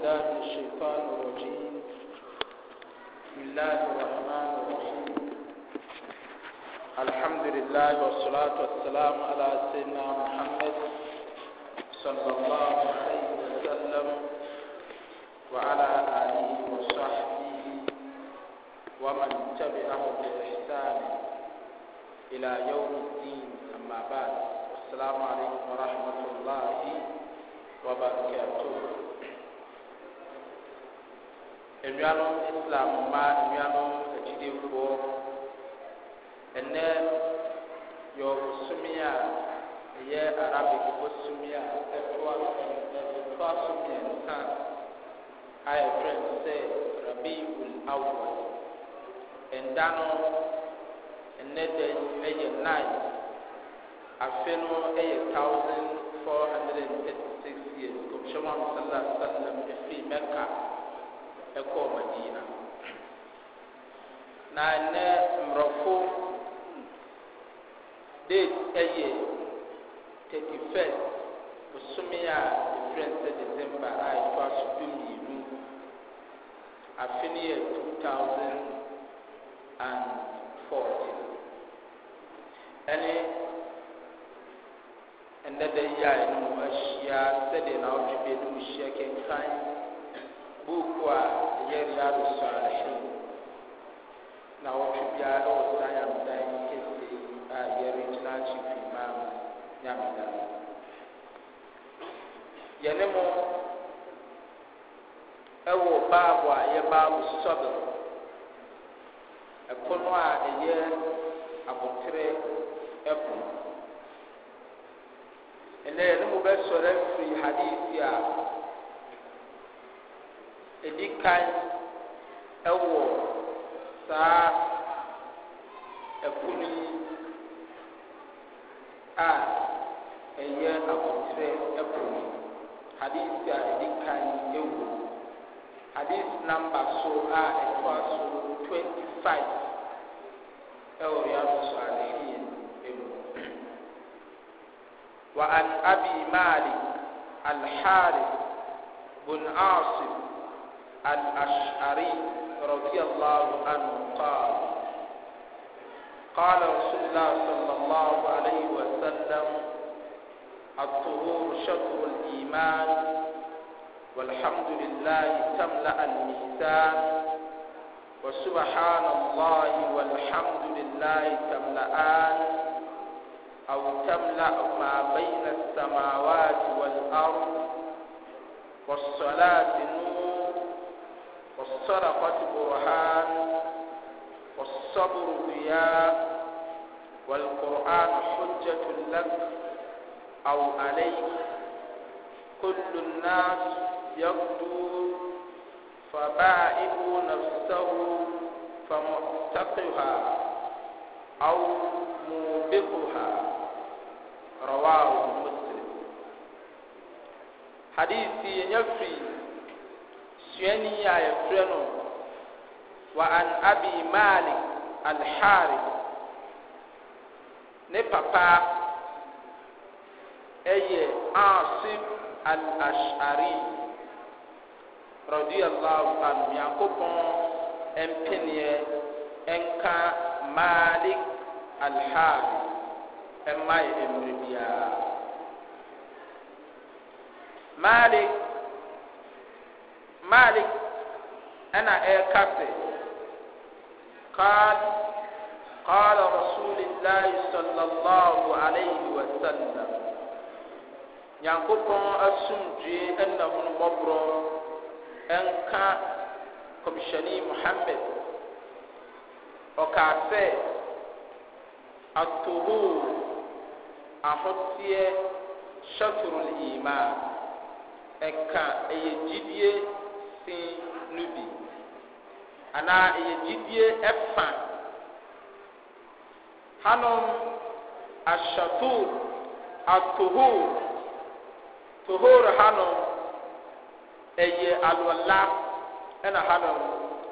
بالله الشيطان الرجيم بسم الله الرحمن الرحيم الحمد لله والصلاة والسلام على سيدنا محمد صلى الله عليه وسلم وعلى آله وصحبه ومن تبعه بإحسان إلى يوم الدين أما بعد السلام عليكم ورحمة الله وبركاته enuanom islam mmaa enuanom agyidifoɔ ɛnɛ yɛ ɔbosome a ɛyɛ arabic bosome a ɛtoa ɛtoa so mmiɛnsa a yɛfrɛ no sɛ rabiul awal ɛnda no ɛnɛ da ɛyɛ nine afe no ɛyɛ thousand four hundred and thirty six years kɔmhyɛm ahosala sallam ɛfiri mɛka ɛkɔɔ madina na nnɛ mmorɔfo date ɛyɛ 31st bosome a ɛfrɛ n sɛ december a ɛtoa so dumienu afe no yɛ 2014 ɛne ɛnnɛ da yi a ɛnom ahyia sɛdeɛ na wotwe bi ɛnom hyia kenkan Buku a ɛyɛ riado salihin na wɔtwe biara ɛwɔ saa nyamedan kɛse a ɛyɛ regional chief imam na yɛne mo ɛwɔ baabu a ɛyɛ baabu sɔbel ɛpono a ɛyɛ abotire ɛpono ɛnɛ yɛne mo bɛsɔrɔ afiri a ɛdi kan ɛwɔ saa ɛpono yi a ɛyɛ akɔkyerɛ ɛpono hadith a ɛdi kan ɛwɔ hadith namba so a ɛtoa so twenty five ɛwɔ yɛn so adeɛ ɛmu wa an abi malik alhari bun asim. الأشعري رضي الله عنه قال قال رسول الله صلى الله عليه وسلم الطهور شطر الإيمان والحمد لله تملأ الميزان وسبحان الله والحمد لله تملأان أو تملأ ما بين السماوات والأرض والصلاة نور والصدقة برهان والصبر ضياء والقرآن حجة لك أو عليك كل الناس يغدو فبائع نفسه فمعتقها أو موبقها رواه مسلم حديثي يفي suani a yɛfrɛ no wa an abi malik alharis ne papa ɛyɛ asim alashari radiallahu anhu nyankopɔn ɛmpeneɛ ɛnka malik alharis ɛma yɛ mmerɛ biara malik malik ɛna ɛyɛ captain kaal قال رسول الله صلى الله عليه وسلم nyankopɔn asomdue ɛna hono mmɔborɔ ɛnka kɔmhyɛne muhammad ɔkaa sɛ atohoo ahoteɛ shatrul iman ɛka ɛyɛ gyidie sin no bi anaa ɛyɛ gyidie ɛfa hanom ahyɛtoor atohoor tohoor hanom ɛyɛ alwala ɛna hanom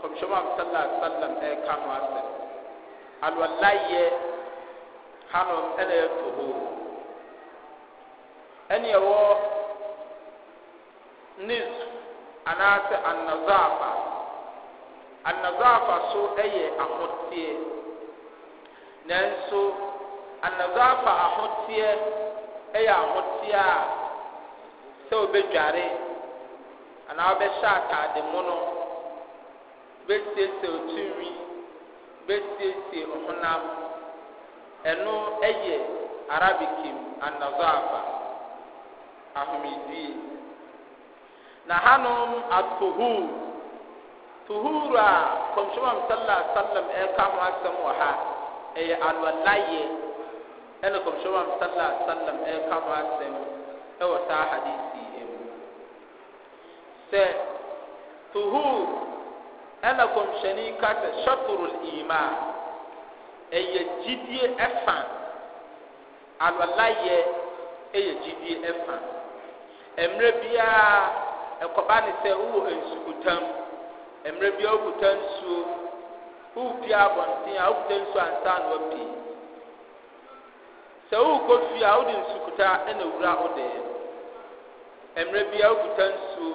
kɔmhyɛmam sala sallam ɛɛka e no asɛm alwala yɛ hanom ɛna ɛyɛ tohoor ɛne ɛwɔ nisf anaasɛ annazaafa annazaafa so ɛyɛ ahoteɛ nanso annazaafa ahoteɛ ɛyɛ ahoteɛ a sɛ wobɛdware anaa wobɛhyɛ ataade mu no bɛsiesie otinwi bɛsiesie ɔhonam ɛno ɛyɛ arabikim annazaafa ahomedie na hanom atuhur tuhur a kɔmhyɛmam sala salam ɛka ho asɛm wɔ ha ɛyɛ alwalayɛ ɛna kɔmhyɛmam sala salam ɛka ho asɛm ɛwɔ saa hadisi mu sɛ tuhur ɛna kɔmhyɛni ka sɛ shatrul iman ɛyɛ gyidie ɛfa alwalayɛ ɛyɛ gyidie ɛfa mmerɛ biara ɛkɔba ne sɛ wowɔ nsukutam mmerɛ bi wokuta nsuo wopie abɔnten a wokuta nsuo ansa na wapie sɛ wokɔ fie a wode nsukuta ɛna wura wo deɛ mmerɛ bi a wokuta nsuo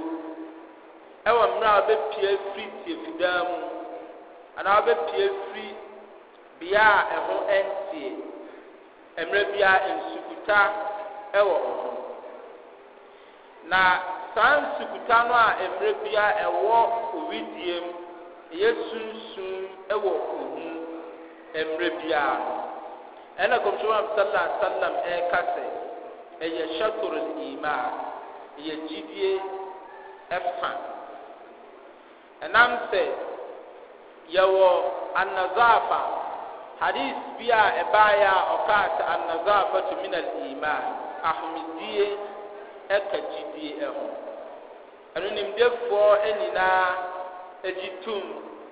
ɛwɔ mmerɛ a wobɛpie firi tie mu anaa wobɛpie firi bea a ɛho ntie mmerɛ bi a nsukuta ɛwɔ hɔ na saa nsukuta no a mmerɛ bia ɛwɔ owideɛ mu ɛyɛ sunsun ɛwɔ ohu mmerɛ biara ɛna kɔmhyɛm am sallallahu alaihi wasallam ɛreka sɛ ɛyɛ shator a ɛyɛ gyidie ɛfa ɛnam sɛ yɛwɔ anazafa hadis bi a ɛbaeɛ a ɔkaa sɛ anazafa tu min al iman ahomedie ɛka gyidie ɛho ɛno nimdefoɔ nyinaa agyi tum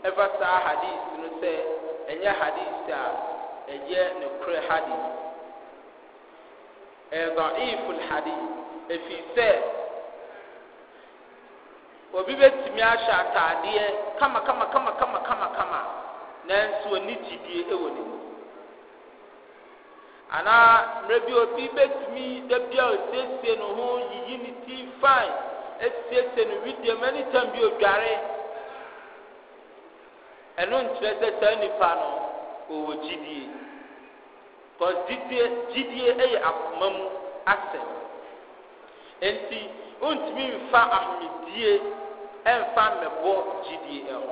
ɛfa saa hadis no sɛ ɛnyɛ hadis a ɛyɛ nokorɛ hadis ɛyɛ da'iful hadis ɛfiri sɛ obi betumi ahyɛ ataadeɛ kama kama kama kama kama nanso ɔni gyidie ɛwɔ ne mu anaa mmerɛ bi obi bɛtumi da bi a ɔsiesie ne ho yiyi ne ti fain asiesie ne widie mu ɛne tam bi odware ɛno nkyerɛ sɛ saa nipa no ɔwɔ gyidie kɔs gyidie gyidie ɛyɛ akoma mu asɛ nti ntumi nfa ahomedie ɛnfa mmɛbɔ gyidie ɛho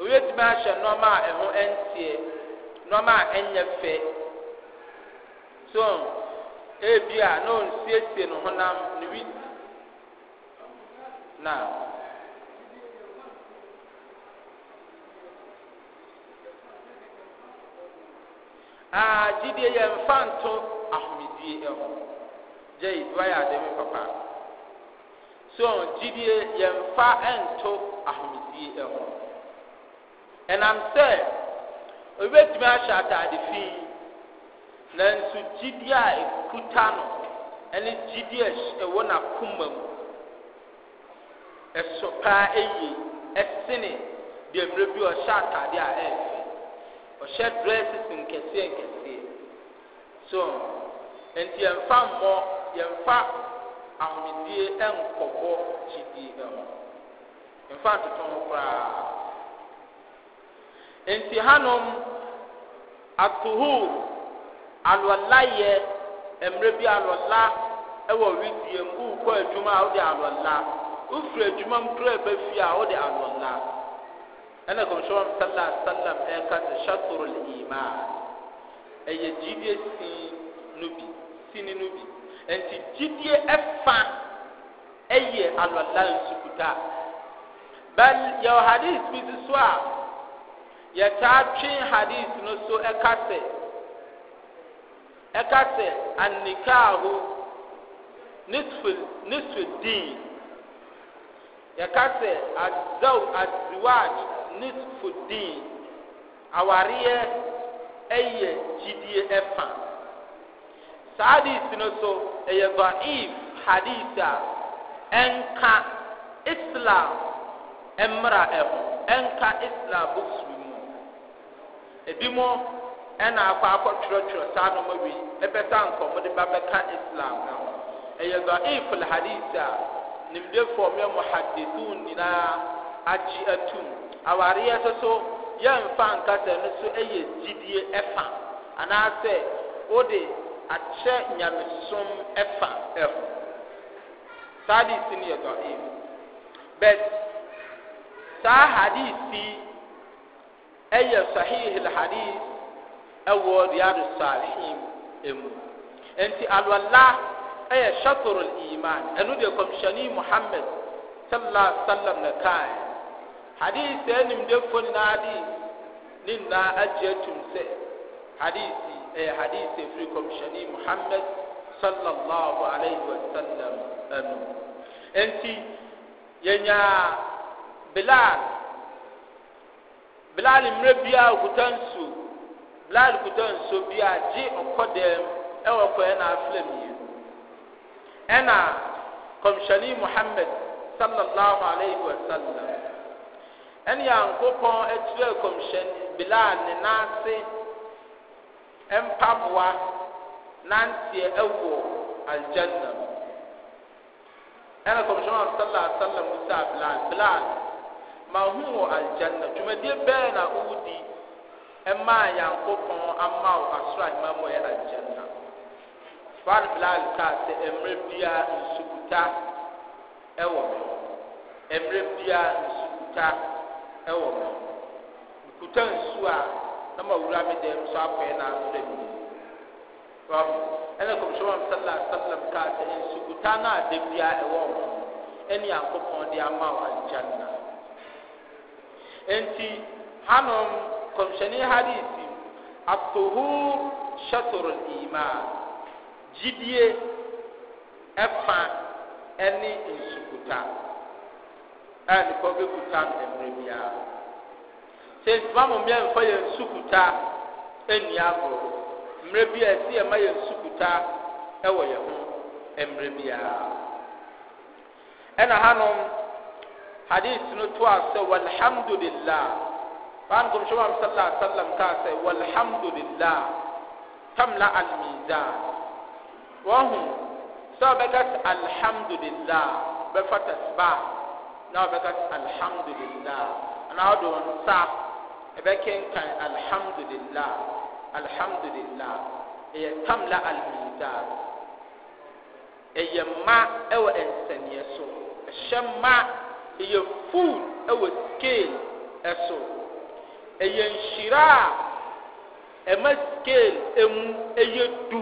owie tumi ahyɛ nneɛma a ɛho ɛnteɛ nneɛma a ɛnyɛ fɛ stone ebi a na onsiesie ne honam ne wi na aa gyidie yɛ mfa nto ahomedie ɛho gyei wayɛ ade me papa so gyidie yɛ mfa nto ahomedie ɛho ɛnam sɛ obi betumi ahyɛ ataade fii nanso gyidi a ekuta no ɛne gyidi a ɛwɔ n'akoma mu ɛsɔ paa eyi ɛsene deɛ mmerɛ bi ɔhyɛ ataade a ɛyɛ fɛ ɔhyɛ dresses nkɛseɛ nkɛseɛ so nti yɛmfa mmɔ yɛmfa ahomedie ɛnkɔbɔ gyidie ɛho mfa ntoto ho koraa nti hanom atuhuru alɔla yɛ mmerɛ bi alɔla wɔ widie mu wokɔ adwuma a wode alɔla wofiri adwuma mu kura ba fie a wode alɔla ɛna kɔmhyɛwam sala salam ɛka sɛ shatrul iman ɛyɛ gyidie sii no bi sini no bi nti gyidie ɛfa ɛyɛ alɔla nsukuta bɛn yɛwɔ hadis bi si so a yɛtaa twe hadis no so ɛka sɛ ɛka sɛ annikaahu nisfu din yɛka sɛ azaw aziwaj nisfu din awareɛ ɛyɛ gyidie ɛfa saa hadith no so ɛyɛ da'if hadith a ɛnka islam ɛmmra ɛho ɛnka islam books mu ebi mo ɛna akɔ akɔtwerɛtwerɛ saa noma wei ɛbɛ sa nkɔmɔ de ba bɛka islam no ho ɛyɛ dhaif alhadis a nimdefoɔ mɛ muhadithun nyinaa agye atum awareɛ so so yɛmfa nkasa no so ɛyɛ gyidie ɛfa anaasɛ wode akyɛ nyamesom ɛfa ɛho saa hadis no yɛ dhaif Bɛt saa hadis yi ɛyɛ sahih alhadis ɛwɔ riyadu salihin emu nti alwala ɛyɛ shatrul iman ɛnu de kɔmishani muhammad sallallahu alaihi wa sallam na kan hadisi ɛnimdefo nyinaa de ne nyinaa agye atum sɛ hadisi ɛyɛ e, hadisi efiri kɔmishani muhammad sallallahu alaihi wa sallam ɛnu nti yɛnyaa bilal bilal mmerɛ biara okuta nsuo blood kuta nso bi a gye ɔkɔ dɛm ɛwɔ kɔɛ na afra mmienu ɛna kɔmhyɛni muhammed sallallahu alayhi wa sallam ɛne yankopɔn akyerɛ kɔmhyɛni bilal ne n'ase mpaboa nanteɛ ɛwɔ aljanna ɛna kɔmhyɛni sallallahu alayhi wa sallam musa bilal bilal ma ho wɔ aljanna dwumadie bɛɛ na ɔwɔ di ɛma yankopɔn ama wo asoro a ɛma bɔ yɛ agyanna fan bilal kaa sɛ mmerɛ biara nsukuta ɛwɔ me mmerɛ biara nsukuta ɛwɔ me nkuta nsu a na ma wura me dɛm so apɛɛ na asoro mi wɔm ɛna kɔmhyɛn wɔn sɛlɛ asɛlɛm kaa sɛ nsukuta na a da ɛwɔ mo ɛne yankopɔn de ama wo agyanna nti hanom kɔmhyɛne hadisi atohur shatr iman gyidie ɛfa ɛne nsukuta a nipa bɛkuta mmerɛ biara sɛ ntoma mmommeɛ mfa yɛ nsukuta ani agorɔ mmerɛ bi a ɛsi ɛma yɛ nsukuta ɛwɔ yɛn ho mmerɛ biara ɛna hanom hadisi no to a sɛ walhamdulillah فان كم شوام صلى الله عليه وسلم كاسي والحمد لله تملا الميزان وهم سبقت الحمد لله بفتح سبع نبقت الحمد لله انا ادون سا ابكين كان الحمد لله الحمد لله هي تملا الميزان هي ما او انسانيه سو الشمع هي فول او سكيل اسو ɛyɛ nhyira a ɛma scale ɛmu ɛyɛ du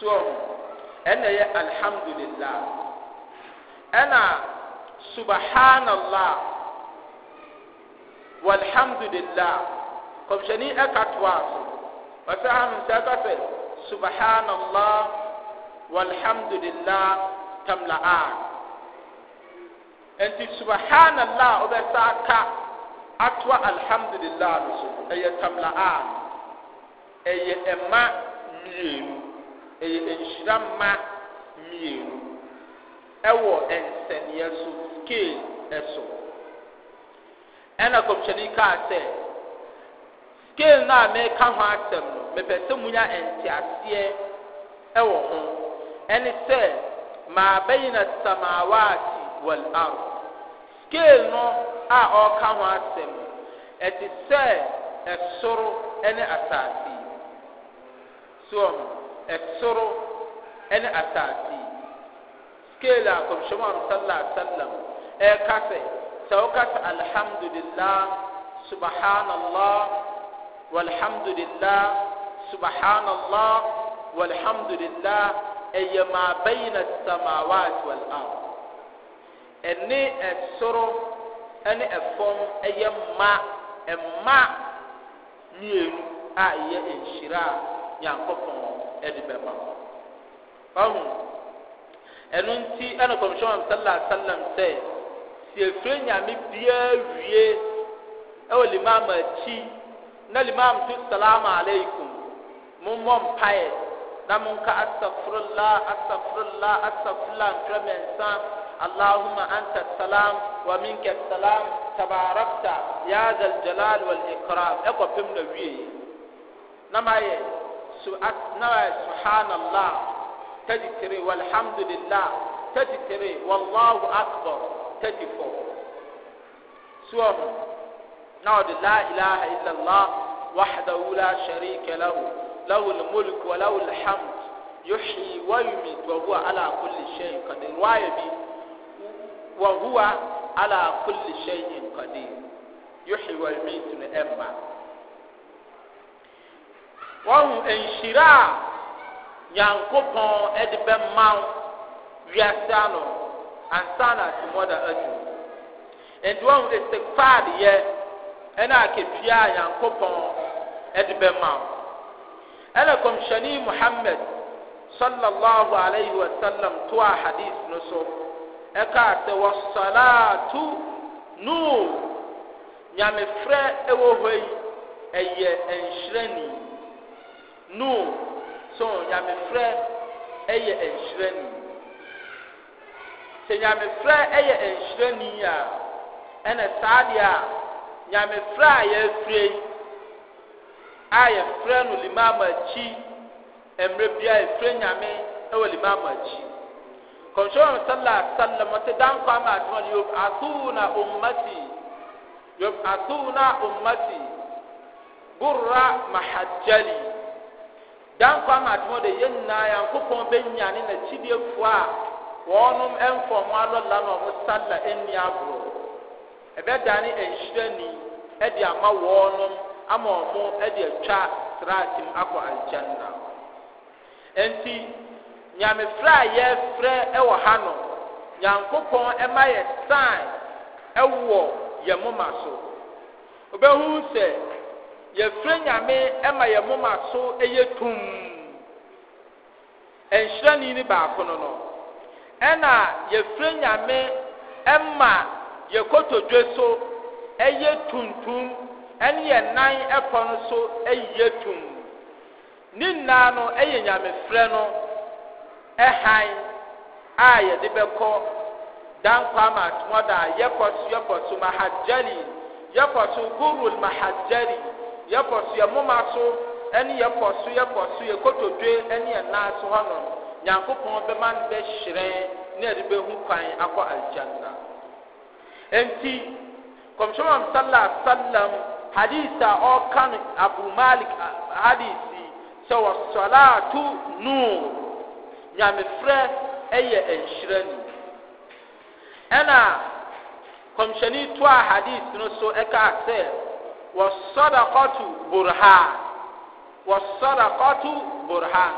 soɔ ho ɛna ɛyɛ alhamdulillah ɛna subhanallah walhamdulillah kɔmhyɛni ɛka toa so wɔsɛ ɔsɛ sɛ ɛka sɛ subhanallah walhamdulillah tamla'a ɛnti subhanallah ɔbɛsa ka atoa alhamdulillah no so ɛyɛ tamla'an ɛyɛ ɛma mmienu ɛyɛ nhyira ma mmienu ɛwɔ nsɛnniɛ so scale ɛso ɛna kɔmhyɛni kaa sɛ scale no a mɛka ho asɛm no mepɛ sɛ munya nteaseɛ ɛwɔ ho ɛne sɛ maa bɛyina samawaati wal ard scale no a ɔreka ho asɛm ɛte sɛ ɛsoro ne asase soɔ ho ɛsoro ne asase scale a kɔmhyɛm a sala sallam ɛɛka sɛ sɛ woka sɛ alhamdulillah subhanallah walhamdulillah subhanallah walhamdulillah ɛyɛ maa bayna samawat wal ard ɛne ɛsoro ɛne ɛfam ɛyɛ mma ɛmma mmienu a ɛyɛ nhyira a nyankopɔn ɛde bɛma hɔ ɛno nti ɛna kɔmhyɛn sallallahu alaihi sɛ si efiri nyame biara wie ɛwɔ limam akyi na limam to salaam aleikum mommɔ mpaeɛ na monka asafurullah asafurullah asafurullah mɛnsa اللهم أنت السلام ومنك السلام تباركت يا ذا الجلال والإكرام أكو بمنا ويه نما سبحان الله تذكر والحمد لله تذكر والله أكبر تذكر سوام نعود لا إله إلا الله وحده لا شريك له له الملك وله الحمد يحيي ويميت وهو على كل شيء قدير رواية wa huwa ala kulli shay'in qadir yuhyi wal yumiitu no ɛmma wɔhu nhyira a nyankopɔn ɛde bɛma wo wiase ano ansa na atemɔda adu nti wɔhu istighfar yɛ ɛna akatua a nyankopɔn ɛde bɛma wo ɛna kɔmhyɛni muhammad sallallahu alaihi wasallam toa hadith no so ɛka sɛ wɔsalaatu nuu nyamefrɛ ɛwɔ hɔ yi ɛyɛ nhyirani nuu so nyamefrɛ ɛyɛ nhyirani sɛ nyamefrɛ ɛyɛ nhyirani a ɛna saa deɛ a nyamefrɛ a yɛafirɛ yi a yɛfrɛ no limama akyi mmerɛ bi a yɛfrɛ nyame ɛwɔ limama akyi kɔmsɛm sallallahu alaihi wa sallam ɔte dan kwan mu atoma no yob atuuna ummati yob atuuna ummati burra mahajjali dan kwan mu atoma de yɛn nyinaa yankopɔn bɛnya ne n'akyidiefoɔ a wɔnom mfɔmo alɔla na ɔmo salla ɛnni agorɔ ɛbɛdane nhyira ni ɛde e e ama wɔnom ama ɔmo ɛde atwa e sratim akɔ aljanna nti nyamefrɛ a yɛfrɛ ɛwɔ hanom nyankopɔn ɛma yɛ sign ɛwɔ yɛ moma so obɛhu sɛ yɛfrɛ nyame ɛma yɛ moma so ɛyɛ tum ɛnhyerɛni ne baako no no ɛna yɛfrɛ nyame ɛma yɛ kotodwe so ɛyɛ tuntum ɛne yɛ nan ɛpɔ no so ɛyɛ tum ne nyinaa no ɛyɛ nyamefrɛ no. ɛhan a yɛde bɛkɔ dankwama atmɔda a yɛkɔso yɛkɔso mahajjali yɛkɔso gurul mahajjali yɛkɔso yɛ moma so ɛne yɛkɔso yɛkɔso yɛ kotodwe ɛne yɛ nan so hɔnom nyankopɔn bɛma no bɛhyerɛn ne yɛde bɛhu kwan akɔ aljanna nti kɔmhyɛmam sallah sallam hadith a ɔka no abu malik hadisi sɛ wɔ salatu nuur nyamefrɛ ɛyɛ nhyira ni ɛna kɔmhyɛni to a hadith no so ɛkaa sɛ wɔsɔdakɔto burhan wɔsɔdakɔto burhan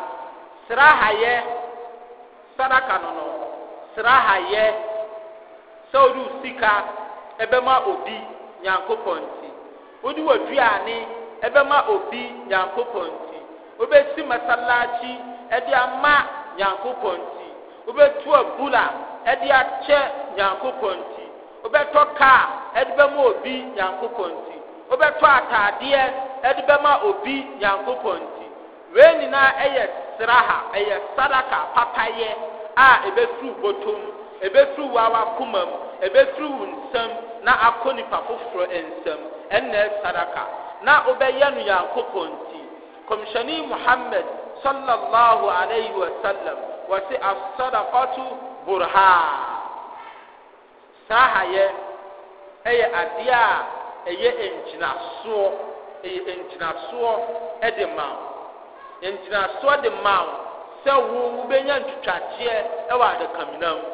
srahayɛ sadaka no no srahayɛ sɛ wode sika ɛbɛma obi nyankopɔn nti wode w'aduane ɛbɛma obi nyankopɔn nti wobɛsi masalakyi ɛde ama nyankopɔn ti wobɛtu abula ɛde akyɛ nyankopɔn ti wobɛtɔ kaa ɛde bɛma obi nyankopɔn ti wobɛtɔ ataadeɛ ɛde bɛma obi nyankopɔn ti wei nyinaa ɛyɛ sraha ɛyɛ sadaka papayɛ a ɛbɛfiri botom ɛbɛfiri wawa koma mu ɛbɛfiri wo nsam na akɔ nipa foforɔ nsam ɛnna sadaka na wobɛyɛ no nyankopɔn ti kɔmhyɛne muhammad sallallahu alaihi wa sallam wɔte asadakɔto burhaa saa hayɛ ɛyɛ adeɛ a ɛyɛ ngyinasoɔ ɛyɛ ngyinasoɔ ɛde ma wo ngyinasoɔ de ma wo sɛ wo wobɛnya ntwitwagyeɛ ɛwɔ adakamina mu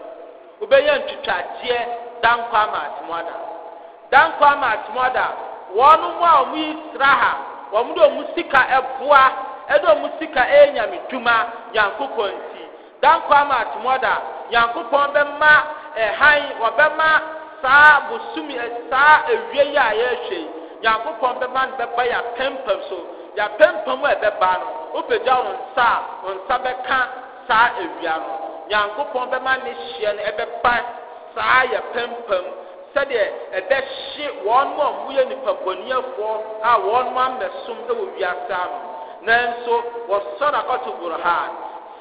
wobɛnya ntwitwagyeɛ dankɔ ama atemuada dankɔ ama a yi ha sika e ɛdɔ mu sika ɛyɛ e nyame dwuma nyankopɔn nti dankɔ ama atomɔda nyankopɔn bɛma ɛhan e wɔbɛma saa bosom e saa ewie yi a yɛrehwɛ yi nyankopɔn bɛma no bɛba yɛ apɛmpɛm so yɛ apɛmpɛm a ɛbɛba no wopagya wo nsa a wo nsa bɛka saa ewia no nyankopɔn bɛma ne hyeɛ no ɛbɛba saa yɛ sɛdeɛ ɛbɛhye wɔn a wɔyɛ nipa bɔniafoɔ a wɔn amɛsom ɛwɔ wiase ano nanso wɔsɔdakɔto burhan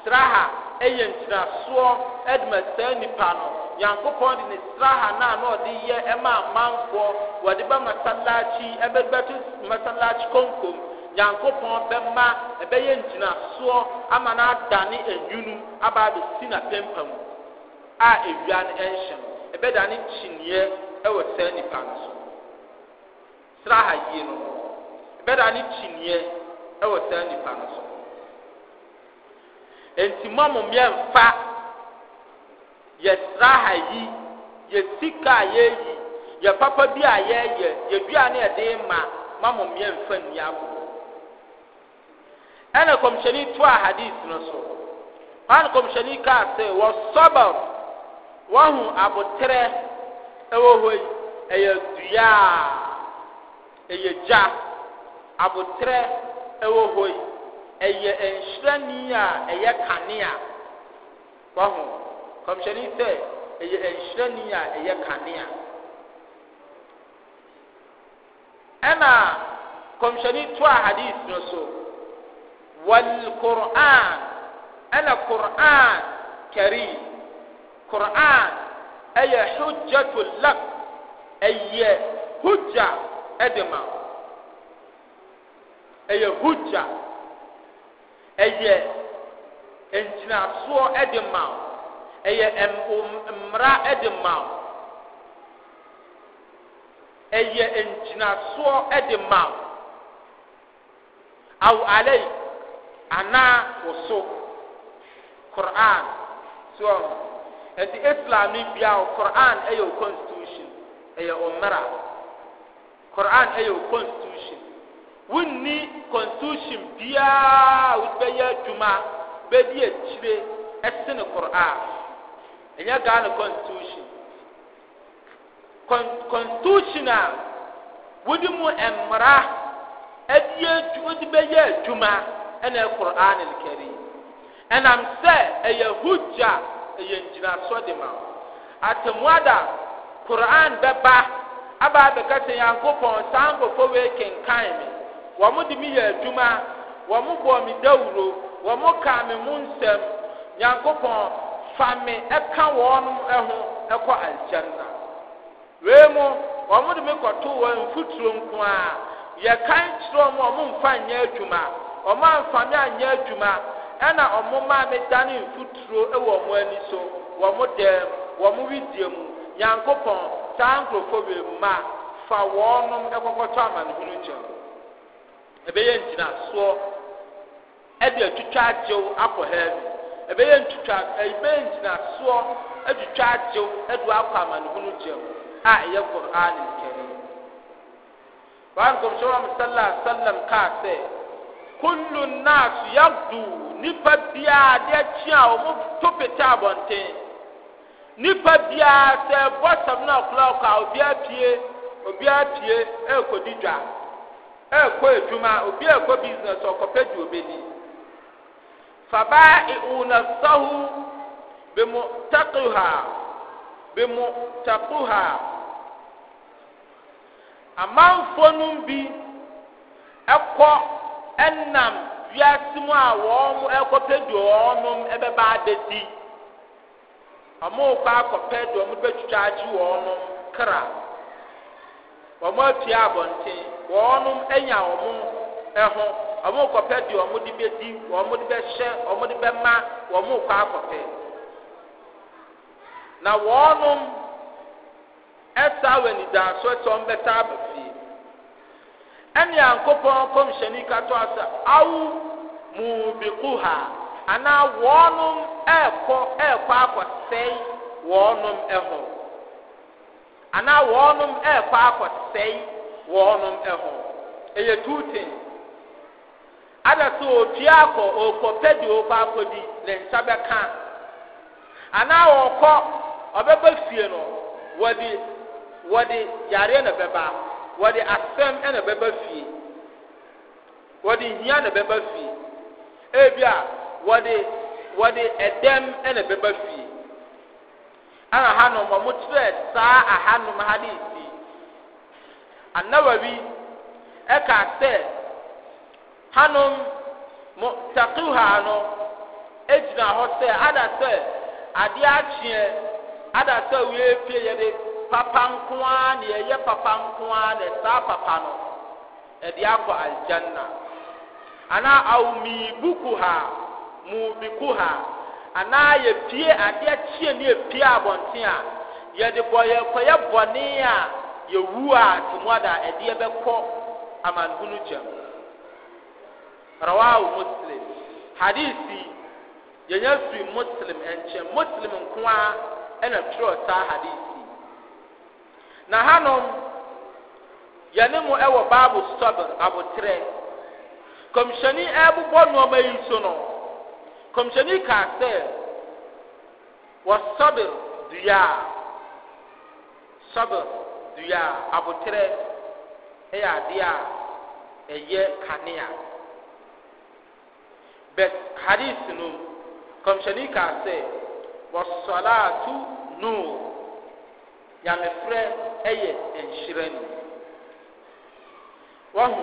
sraha ɛyɛ nkyinasoɔ ɛdema saa nnipa no nyankopɔn de ne sraha na na ɔde yɛ ɛma amanfoɔ wɔde ba masalakyi ɛbɛbɛto masalakyi konkom nyankopɔn bɛma ɛbɛyɛ ngyinasoɔ ama no adane anwunu aba abɛsi n'apempa mu a ewia no ɛnhyɛ no ɛbɛdane kyiniiɛ ɛwɔ saa nnipa no so sraha yie no ɛbɛdane kyiniiɛ ɛwɔ saa nipa no so nti mo mo mmiɛnfa yɛ sraha yi yɛ sika a yɛyi yɛ papa bi a yɛyɛ yɛ dua no yɛde ma mo mo mmiɛnfa nni agorɔ ɛna kɔmhyɛni to a hadith no so ɔna kɔmhyɛni kaa sɛ wɔsɔbɔ wɔho abotrɛ ɛwɔ hɔ yi ɛyɛ dua a ɛyɛ gya abotrɛ. ɛwɔ hɔ yi ɛyɛ nhyirani a ɛyɛ kanea wahu kɔmhyɛni sɛ ɛyɛ nhyirani a ɛyɛ kanea ɛna kɔmhyɛni to a hadis no so wɔl koran ɛna koran kari koran ɛyɛ hujjatul lak ɛyɛ hujja ɛde ma. ɛyɛ hugya ɛyɛ nkyinasoɔ ɛdi ma ɛyɛ mmara ɛde ma wo ɛyɛ nkyinasoɔ ɛde ma wo awo alei anaa wo so Quran soɔ ɛti Islam ni bia wo ɛyɛ wo constitution ɛyɛ wo mmara Quran ɛyɛ wo constitution. wonni constitution biara a wobɛyɛ adwuma bɛdi akyire ɛsene koraa ɛnyɛ ghana constitution constitution a wode mu mmara adi adu wode bɛyɛ adwuma ɛna koraa ne kari ɛnam sɛ ɛyɛ hujja ɛyɛ ngyinasoɔ de ma atemuada koraa bɛba aba abɛka sɛ yankopɔn saa nkɔfo wei kenkan me wɔn de mi yɛ adwuma wɔn bɔ mi dawuro wɔn ka mi mu nsɛm nyankopɔn fa mi ɛka wɔn ho ɛkɔ aljanna wee mu wɔn de mi kɔto wɔn mfuturo nko a kyerɛ wɔn wɔn mfa nyɛ adwuma wɔn amfa mi anyɛ adwuma ɛna wɔn dane mfuturo wɔn ani so wɔn dɛm wɔn saa nkurɔfoɔ bɛ fa wɔn amanehunu kyɛn. ɛbɛyɛ ngyinasoɔ ɛde atwitwa agyew akɔ heaven ɛbɛyɛ ntwitwa ɛbɛyɛ ngyinasoɔ atwitwa agyew ɛde akɔ amanehunu gyam a ɛyɛ Qur'an nkɛrɛ wɔn kɔmhyɛn wɔn sallá sallam kaa sɛ kullu naasu yagdu nipa biara de akyi a wɔn to pete abɔnten nipa biara sɛ bɔ seven o'clock a obiara pie obiara pie ɛrekɔdi dwa. ɛɛkɔ adwuma a obi ɛɛkɔ business ɔkɔpɛ deɛ obɛdi fabaa'i'u nafsahu bimutaqiha bimutaqiha amanfoɔ no bi ɛkɔ ɛnam wiase mu a wɔn ɛkɔpɛ deɛ wɔn ɛbɛba adadi wɔrekɔ akɔpɛ deɛ wɔn bɛtwitwa agye wɔn kra wɔn atua abɔnten. wɔnom anya wɔn ho wɔn kɔpɛ deɛ wɔn de bɛdi wɔn de bɛhyɛ wɔn na wɔnom ɛsa wɔ anidaso ɛsɛ wɔn bɛsa aba fie ɛne ankopɔn kɔmhyɛni kato asa awo muubiku ha anaa wɔnom ɛɛkɔ ɛɛkɔ akɔsɛe wɔ hɔnom ɛho ɛyɛ tuutin ada so otua akɔ ɔkɔpɛ de ɔkɔ akɔdi ne nsa bɛka anaa ɔkɔ ɔbɛba fie no wɔde wɔde yareɛ na bɛba wɔde asɛm na bɛba fie wɔde hia na bɛba fie ebi a wɔde wɔde ɛdɛm na bɛba fie ɛna hanom ɔmo kyerɛ saa ahanom ha ne annawawi ɛka sɛ hanom mutakiha no egyina hɔ sɛ ada sɛ adeɛ akyeɛ ada sɛ wie pie yɛde papa nko ara na yɛyɛ papa nko ara na saa papa no ɛde akɔ aljanna anaa awumiibukuha ana anaa pie adeɛ kyeɛ ne pie abɔnten a yɛde bɔ yɛ bɔnee a yɛwu a temuada ɛdeɛ bɛkɔ amanhunu gyam rawahu muslim hadisi yɛnya firi muslim nkyɛn muslim nko a ɛna twerɛ saa hadisi na hanom yɛne mu ɛwɔ baabu sɔbr abotrɛ kɔmhyɛni ɛrebobɔ nneɛma yi so no kɔmhyɛni kaa sɛ wɔ sɔbr dua sɔbr dua abotire ɛyɛ yɛ adeɛ a ɛyɛ kanea but hadith no kɔmhyɛni kaa sɛ wɔsɔlaatu nuu nyamefrɛ yɛ nhyira ni wɔho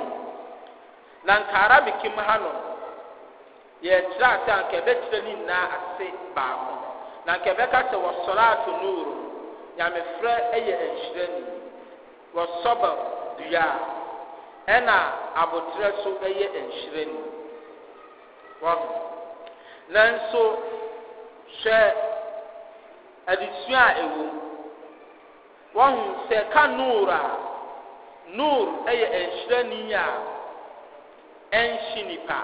na nkaara mekem ha no yɛkyerɛ ase a nka ɛbɛkyerɛ ne nyinaa ase baako na nka ɛbɛka sɛ wɔsɔlaatu nuuru nyamefrɛ yɛ nhyira ni wɔsɔba dua ɛna abotire so ɛyɛ nhwiren wɔn nanso hwɛ adesua a ɛwɔ mu wɔn sɛ ka noor a noor ɛyɛ nhwiren a ɛnhyi nipa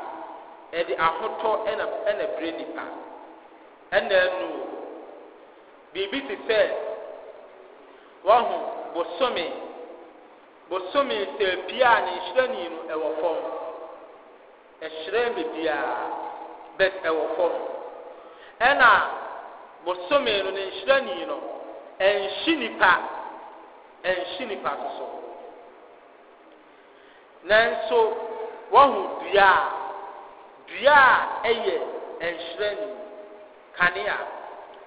ɛde ahotɔ ɛna ɛna bere nipa ɛna noor biribi ti sɛ wɔn bosome. bosome sɛ bia ne nhyirani no ɛwɔ fam ɛhyerɛn bebiara bɛt ɛwɔ fam ɛna bosome no ne nhyirani no ɛnhyi nipa ɛnhyi nipa soso nanso wɔho dua a dua a ɛyɛ ɛnhyirani kanea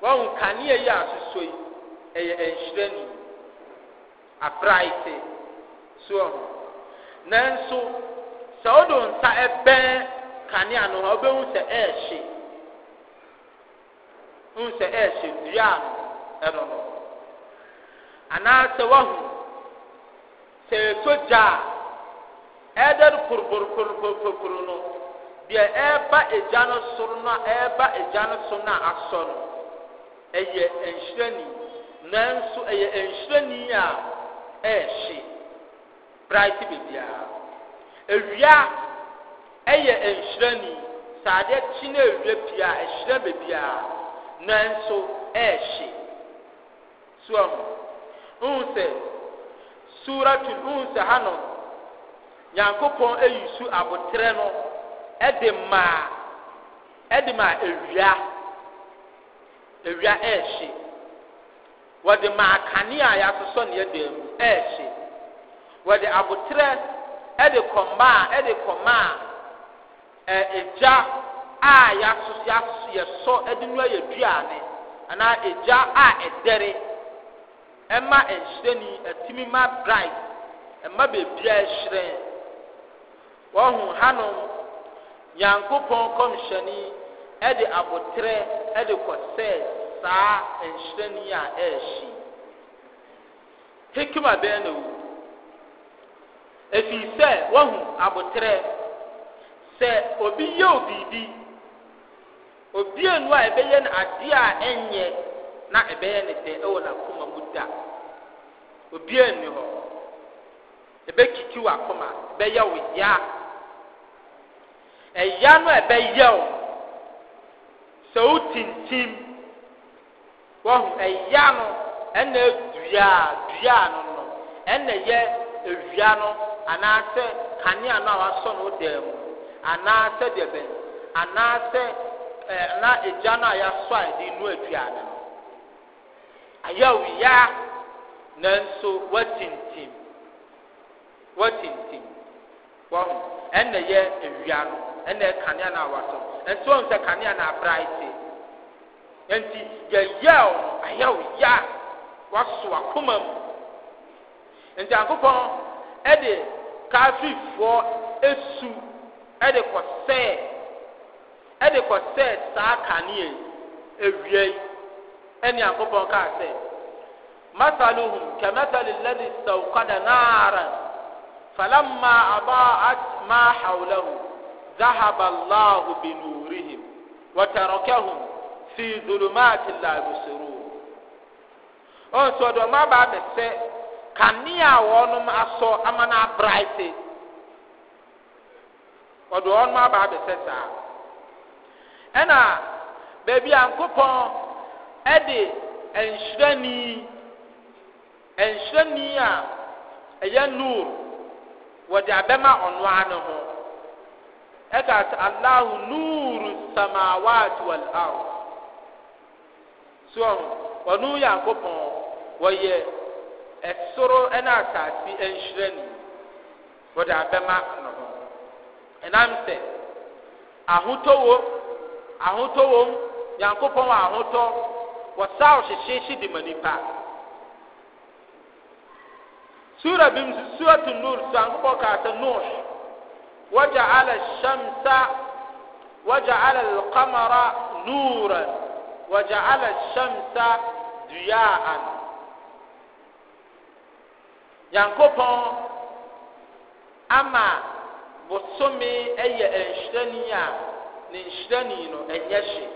wɔho kanea yi a soso yi ɛyɛ ɛnhyirani abraete. soɔ ho nanso sɛ wode nsa ɛbɛn kanea no ho wobɛhu sɛ ɛɛhye hu sɛ ɛɛhye dua no ɛno no anaasɛ woahu sɛ ɛtɔ gya a ɛɛdɛre porporporporporo no deɛ ɛɛba agya no soro no a ɛɛba agya no so no a asɔ no ɛyɛ nhyiren nanso ɛyɛ nhyiren a ɛɛhye praise bibiara ewia ɛyɛ nhyiren saa adeɛ kyi na ewia pia nhyiren bibiara nanso ɛɛhye soa ho nhun sɛ suratu nhun sɛ hanom nyankopɔn eyi su abotire no ɛde maa ɛde maa ewia ewia ɛɛhye wɔde maa kanea yasosɔ nea ɛda ɛɛhye. wɔde abotire ɛde kɔma a ɛde kɔma a ɛgya a yɛsɔ ɛde yɛ dua duane anaa ɛgya a ɛdɛre ɛma nhyirɛni atumi ma bright ɛma beebi a hyerɛn wɔho hanom nyankopɔn kɔmhyɛni ɛde abotire ɛde kɔsɛ saa nhyirɛni a ɛɛhyi hikima bɛn na wu ɛfiri sɛ woahu abotire sɛ obi yɛ o obie a ɛbɛyɛ no adeɛ a ɛnyɛ na ɛbɛyɛ ne dɛ ɛwɔ n'akoma mu da obie nni hɔ ɛbɛkiki w'akoma ɛbɛyɛ wo ya ɛya no a ɛbɛyɛ wo sɛ wotintim ɛya no ɛna dua dua no no ɛna yɛ ewia no anaasɛ kanea no a wasɔ no dan mu anaasɛ deɛ bɛn anaasɛ ɛɛ na egya no a yasɔ a yɛde nu aduane no ayɛwia nanso watintim watintim wɔn ɛnna yɛ ewia no ɛnna kanea no a wasɔ nso wɔn sɛ kanea no abra ete nti yɛyɛw ayɛwia wasɔ akoma mu nti akokɔn ɛde. kafirifoɔ esu ɛde kɔsɛɛ ɛde kɔsɛɛ saa kanea yi ewia yi ɛne akokɔn kaa sɛ masaluhum kɛmɛsali lɛdi sawkada naara falamma abaat ma hawlahu zahabalahu allahu binurihim wɔtɛrɔkɛhum fi zulumaati la yusiru ɔn sɔdɔm abaa bɛsɛ. kanea a wɔnom asɔ ama no abraete ɔde wɔnom aba abɛsɛ saa ɛna baabi a nkopɔn ɛde nhyirani nhyirani a ɛyɛ nuur. wɔde abɛma ɔnoa ne ho ɛka sɛ allahu nuru samawat wal ard so ɔno yankopɔn wɔyɛ ɛsoro ɛna asaase ɛnhyira ni wɔde abɛma no ho ɛnam sɛ ahotɔ wom ahotɔ wom nyankopɔn wɔ ahotɔ wɔsaw hyehyehye de ma nipa sura bi mu suratu nur so nyankopɔn kaa sɛ nuh وجعل الشمس وجعل القمر نورا وجعل الشمس ضياءً nyankopɔn ama bosome yɛ nhyirani a ne nhyirani no ɛnyɛ hye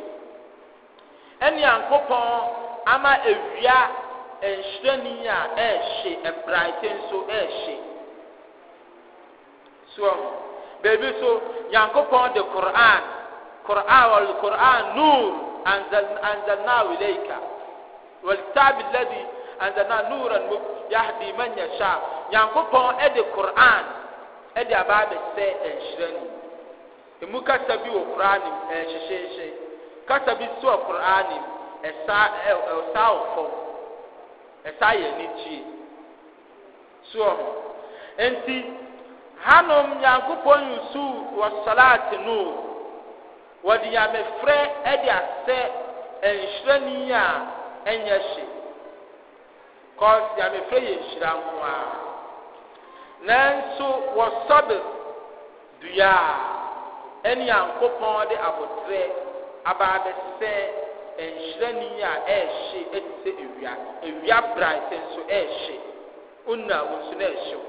ɛne nyankopɔn ama awia nhyirani a ɛrehye ɛbraete nso ɛrehye soɔ beebi so nyankopɔn de koran koran wɔl koran nuur anzalna anzalna wileika wɔl kitaabi ladi anzalna nuuran mubi yahdi man yasha nyankopɔn ɛde Quran ɛde aba abɛsɛ ɛnhyerɛ no emu kasa bi wɔ Quran mu ɛhyehyɛhyɛ kasa bi so wɔ Quran mu ɛsa ɛ ɛsa wɔ fam ɛsa yɛ anigye so wɔ hɔ nti hanom nyankopɔn yusu wɔ salaate no wɔde yamefrɛ ɛde asɛ ɛnhyerɛ ni a ɛnyɛ hye cause nyamefrɛ yɛ nhyira nko a nanso wɔsɔbe dua a ɛne nyankopɔn de abotrɛ aba abɛsɛ nhyirani a ɛrehye ɛte sɛ e ewia ewia braase nso ɛrehye onna wo nso na ɛrehyew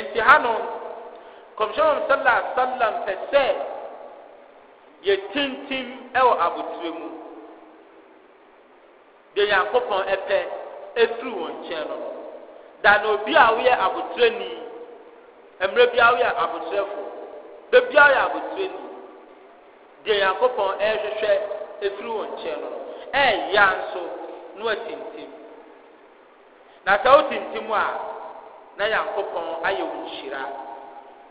nti hanom kɔmhyɛn sallah sallam pɛ sɛ yɛ tintim ɛwɔ abotire mu deɛ nyankopɔn ɛpɛ ɛfiri wɔn nkyɛn no no da na obi a woyɛ abotrɛni mmerɛ bi a woyɛ abotrɛfo da bi a woyɛ abotrɛni deɛ nyankopɔn ɛrehwehwɛ ɛfiri wɔn nkyɛn no no ɛɛya nso na watintim na sɛ wotintim a na nyankopɔn ayɛ wo nhyira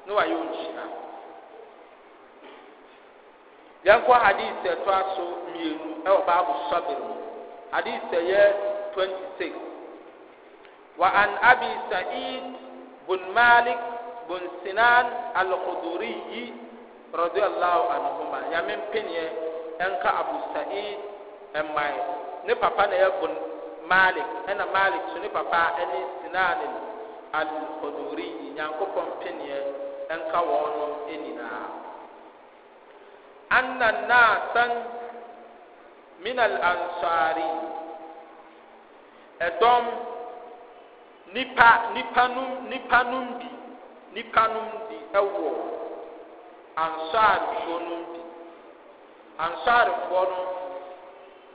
na wayɛ wo nhyira yɛnkɔ hadis ɛtoa so mmienu ɛwɔ baabu sɔbere mu hadith ɛyɛ twenty six wa an abi sa'id bun malik bun sinan al-khuduriyi radiyallahu anhuma nyame mpenyɛ ɛnka abu sa'id ɛmmae ne papa na ɛyɛ bun malik ɛna malik so ne papa ɛne sinan al-khuduriyi nyankopɔn mpenyɛ ɛnka wɔn no nyinaa anna naasan minal ansari ɛdɔm nipa nipanum nipanum bi nipanum bi ɛwɔ ansarifoɔ no bi ansarifoɔ no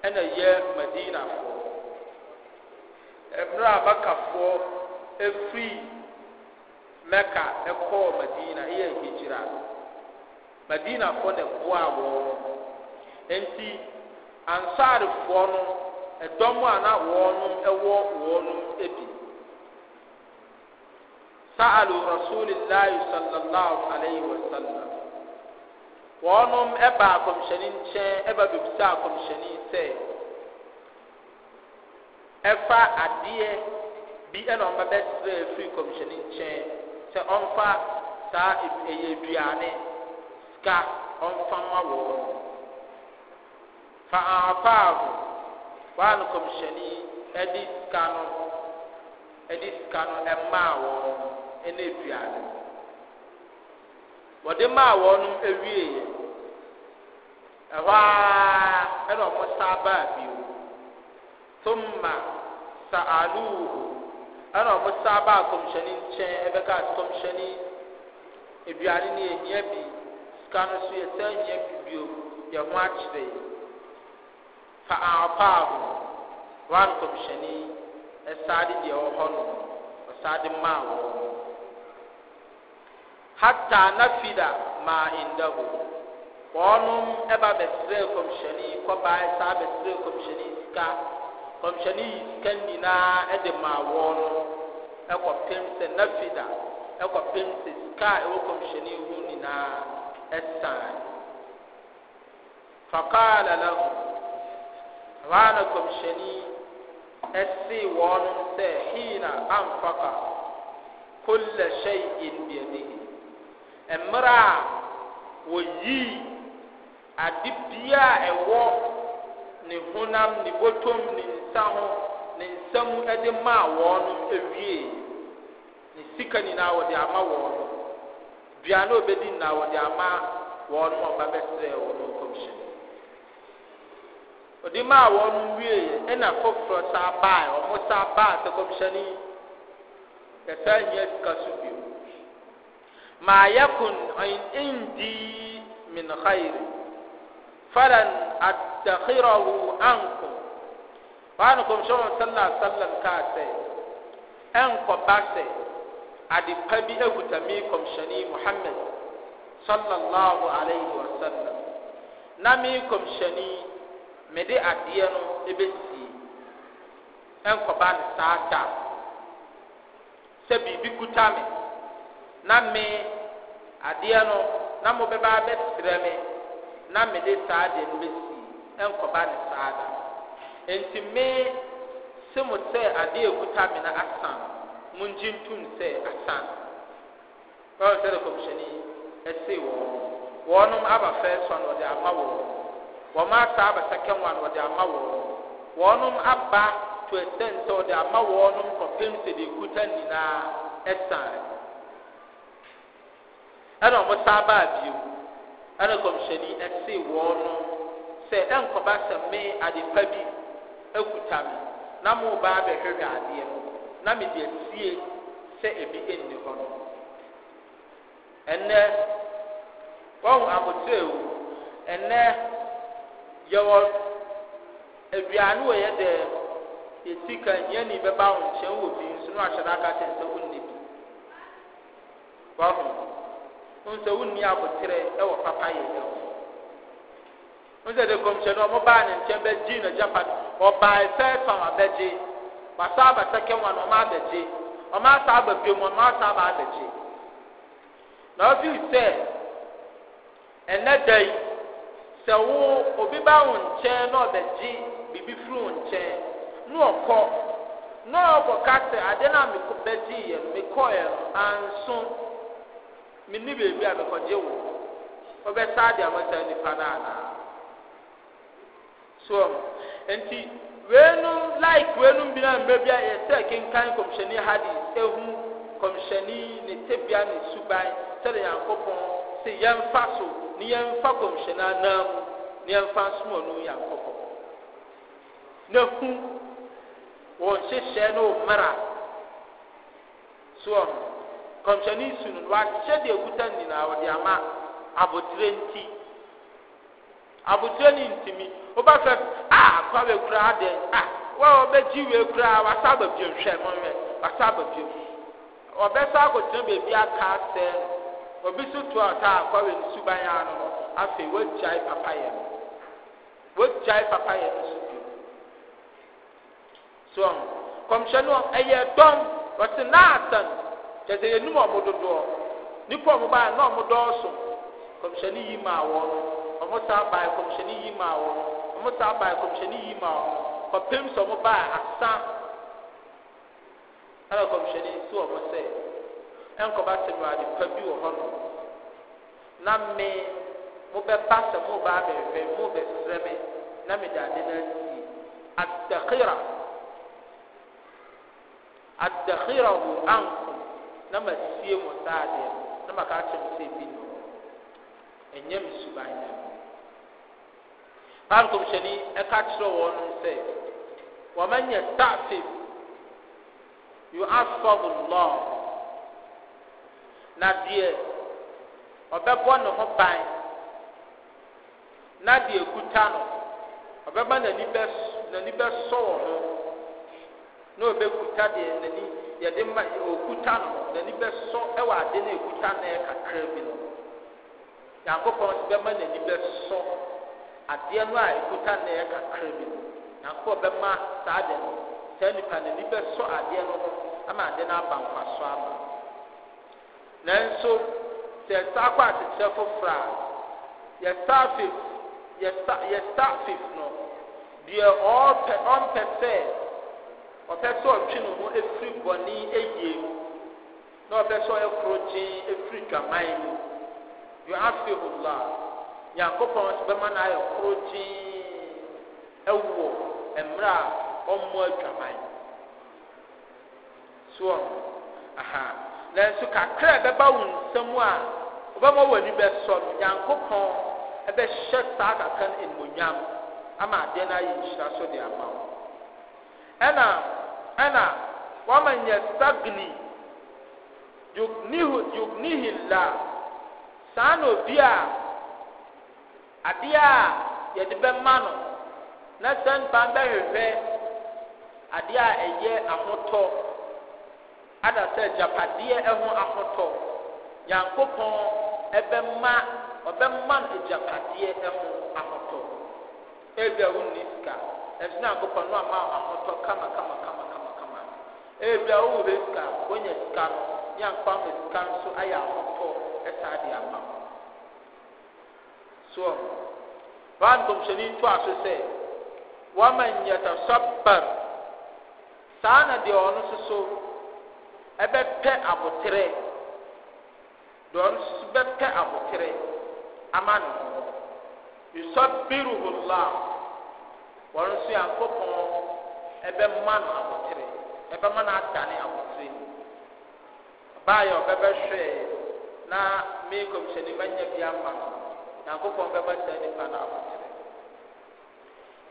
ɛna yɛ madinafoɔ mmerɛ a makafoɔ efiri mɛka ɛkɔɔ madina ɛyɛ hijira madinafoɔ na ɛboa wɔn nti. ansaarefoɔ no ɛdɔm a na wɔnom ɛwɔ wɔnom bi sa'alu rasulillahi sallallahu alaihi wasallam wɔnom ɛba akɔmhyɛne nkyɛn ɛba bebisa akɔmhyɛne sɛ ɛfa adeɛ bi ɛna ɔmbɛbɛsrɛ firi kɔmhyɛne nkyɛn sɛ ɔmfa saa ɛyɛ aduane sika ɔmfa ma wɔn fa afaafo waa no kɔmhyɛni ɛde sika no ɛde sika no ɛmaa wɔn ɛna aduane wɔde maa wɔn awie yɛ ɛhɔ aa ɛna wɔn saa baa bio tumma sa'aluhu ɛna wɔn saa baa kɔmhyɛni nkyɛn ɛbɛka kɔmhyɛni eduane no yɛ hia bi sika no so yɛ sɛ hia bi bio yɛ ho akyerɛ yɛ. fa'aafaahu wɔn kɔmhyɛni ɛsaade deɛ ɛwɔ hɔ no ɔsaade maa wɔ hata nafida maa indahu wɔnom ɛba bɛsrɛ kɔmhyɛni kɔbaa ɛsaa bɛsrɛ kɔmhyɛni sika kɔmhyɛni yi sika nyinaa ɛde maa wɔ no ɛkɔpem sɛ nafida ɛkɔpem sɛ sika a ɛwɔ kɔmhyɛni ho nyinaa ɛsan fakaala lahu. na kɔmhyɛni ɛsee wɔn sɛ hiina amfaka kulla shay'in biadihi mmerɛ a wɔyii ade bia a ɛwɔ ne honam ne bɔtɔm ne nsa ho ne nsam de maa wɔn awie ne sika nyinaa wɔde ama wɔn duane a obɛdi nyinaa wɔde ama wɔn a ɔba bɛsrɛ wɔn kɔmhyɛni ɔde maa wɔn wieɛ ɛna foforɔ saa baa ɔmo saa baa sɛ kɔmhyɛne yɛsa nyɛ sika so bio maa yakun indi min khayri falan adakhirahu ankum waa no kɔmhyɛne wɔn sallallahu alaihi wasallam kaa sɛ ɛnkɔba sɛ ade pa bi akuta me kɔmhyɛne muhammad sallallahu alaihi wasallam na me kɔmhyɛne mede adeɛ no bɛsie ɛnkɔba ne saa da sɛ biribi kuta me na me adeɛ no na mobɛba abɛsrɛ me na mede saa adeɛ no bɛsie ɛnkɔba ne saa da enti me se mo sɛ adeɛ ekuta me na asan mo ngye ntum sɛ asan wɔn sɛ de kɔmhyɛni ɛsi wɔn wɔn aba fɛ sɔn wɔde ama wɔn. wɔn asa aba second one wɔde ama wɔn wɔn aba to extent sɛ wɔde ama wɔn kɔpem sɛ de kuta nyinaa ɛsan ɛna wɔn sa aba abiem ɛna kɔmhyɛni ɛse wɔn sɛ ɛnkɔba sɛ me ade bi ekuta me na mo ba abɛhwehwɛ adeɛ na me de esie sɛ ebi ɛnni hɔ no ɛnɛ wɔn abotire ɛnɛ. yɛwɔ aduane wɔ yɛ dɛ esi ka nyɛni bɛba wɔn nkyɛn wɔ bi nso na ahyɛ n'aka kyɛn sɛ wɔn nni bi wɔho nso wɔn nni abotire ɛwɔ papa yɛ yɛ hɔ nso de kɔmhyɛn no wɔn ne nkyɛn bɛgye na japan ɔbaa ɛfɛ fam abɛgye wasa abata kɛwa na wɔn abɛgye wɔn asa aba pie mu asa aba abɛgye na ɔfi sɛ ɛnɛ da sɛ wo obi ba wo nkyɛn na ɔbɛgye biribi firi wo nkyɛn na ɔkɔ na ɔkɔka sɛ adeɛ no a mebɛgyeeɛ no mekɔeɛ no anso menni baabi a mekɔgye wo ɔbɛsa de amasa nipa no anaa soɔ nti weenum like weenum bi na mmerɛ bi a yɛsɛ kenkan kɔmhyɛni hadis ehu kɔmhyɛni ne tebea ne suban sɛdeɛ yankɔpɔn sɛ yɛmfa so ne yɛmfa kɔmhyɛ no anan mu ne yɛmfa nsom ɔno nyankopɔn na hu wɔn hyehyɛ ne wo mmara soɔ kɔmhyɛne su no wahyɛ deɛ ɛkuta no nyinaa wɔde ama abotire nti abotire ne ntimi wobɛfɛ a kwa bɛkura adɛn a wa wɔbɛgye wie koraa wasa aba biom hwɛ mo hwɛ wasa wɔbɛsa akɔtena baabi aka asɛe no obi so to ata akɔwe ne suban ano no afei wagyae papayɛ no wagyae papayɛ no so bi so kɔmhyɛ no ɛyɛ dɔm wɔte naatan kyɛ sɛ yɛnum ɔmo dodoɔ nipa ɔmo baa na ɔmo dɔɔso kɔmhyɛ no yi maa wɔ no ɔmo saa baa kɔmhyɛ no yi maa wɔ no ɔmo saa baa kɔmhyɛ no yi maa wɔ no kɔpem sɛ ɔmo baa asa ɛna kɔmhyɛ no nsi ɔmo sɛ nkɔba sɛm ade pa bi wɔ hɔnom na me mobɛba sɛ moba abɛhwɛ mobɛsrɛ me na mede ade no asie adakhira adakhirahu ankum na masie mo saa adeɛ na maka akyɛm sɛ bi no ɛnyɛ me suban na paa nkɔmhyɛni ɛka kyerɛ wɔn no sɛ wɔmanyɛ tafib yu'asabu allah na deɛ ɔbɛbɔ ne ho ban na deɛ kuta no ɔbɛma n'ani bɛ n'ani bɛ sɔ wɔ ho na ɔbɛkuta deɛ n'ani yɛde ma okuta no n'ani bɛ sɔ ɛwɔ ade na ekuta na yɛ kakra bi no yankopɔn nso bɛma n'ani bɛ sɔ adeɛ no a ekuta na yɛ kakra bi no yankopɔn bɛma saa deɛ no saa nipa n'ani bɛ sɔ adeɛ no ho ama ade no aba nkwa so ama no. nanso sɛ yɛsa kɔ akyekyerɛ foforɔ a yɛsa afif yɛsa yɛsa afif no deɛ ɔɔpɛ ɔmpɛ sɛ ɔpɛ sɛ ɔtwe ne ho efiri bɔne eyie mu na ɔpɛ sɛ ɔyɛ koro gyee efiri dwaman mu yɛ afif la nyankopɔn nso bɛma no ayɛ koro gyee ɛwɔ mmerɛ a ɔmmoa dwaman soɔ aha. nanso kakra a ɛbɛba wo nsam a wobɛma w'ani bɛsɔ no nyankopɔn ɛbɛhyɛ saa kakra no animonyam ama adeɛ no ayɛ nhyira so de ama wo ɛna ɛna wama nyɛ sagni yugnihi la saa na obi a adeɛ a yɛde bɛma no na sɛ nnipa bɛhwehwɛ adeɛ a ɛyɛ ahotɔ ada sɛ agyapadeɛ ɛho ahotɔ nyankopɔn ɛbɛma ɔbɛma no agyapadeɛ ɛho ahotɔ ebia wonni sika ɛso nyankopɔn no ama ahotɔ kama kama kama kama kama ebia wowurɛ sika wonya sika no nyankopɔn ama sika no so ayɛ ahotɔ ɛsaa de ama soɔ aso sɛ saa na deɛ ɛbɛpɛ abotere deɛ bɛpɛ abotere ama ne ho wɔn nso yɛ akopɔn ɛbɛma no abotere ɛbɛma no adane abotere ɔbaa yɛ na bi ama no bɛma saa nipa no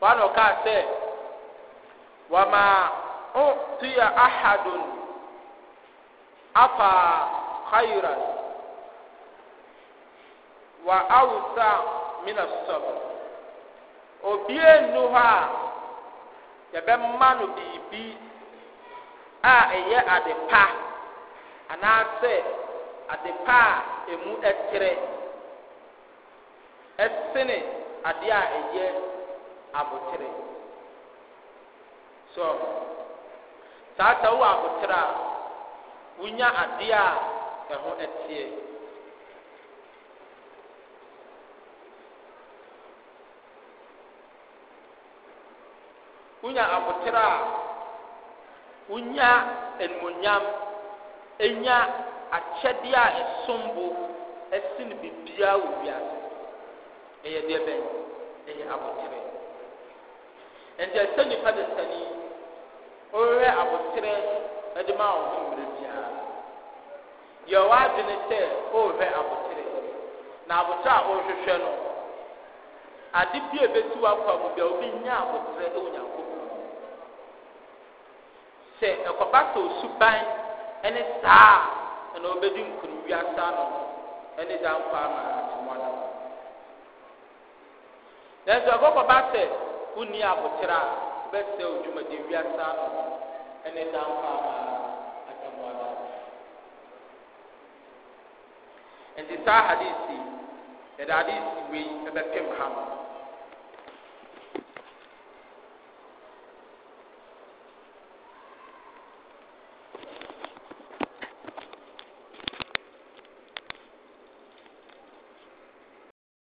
na ɔkaa sɛ afa khayran wa awsa min as-sabr obie nnu hɔ a a ɛyɛ adepa anaasɛ a emu ɛtrɛ ɛsene adeɛ a ɛyɛ abotire so saa wonya adeɛ a ɛho teɛ wonya abotere a wonya animonyam ɛnya akyɛdeɛ a ɛsom bo ɛsi no biribiara wɔ wiase ɛyɛ deɛ bɛn ɛyɛ abotere ɛnti ɛsɛ nipa de sani ɔrehwɛ abotere ɛde ma wo ho mmerɛ biara deɛ wɔadwene sɛ ɔrehwɛ abotere na abotere a ɔrehwehwɛ no ade bi a ɛbɛsi wakɔ mu bia wobɛnya abotere ɛwɔ nyankopɔn sɛ ɛkɔba sɛ osuban ɛne saa ɛna ɔbɛdi nkonimwiasa no ɛne da nkɔ ama atemwa no nanso ɛkɔkɔba sɛ wonni abotere a wobɛsɛ wo dwumadi wiasa no ɛne damfa ma atamuada nti saa hadisi yɛde hadisi wei ɛbɛpem ha no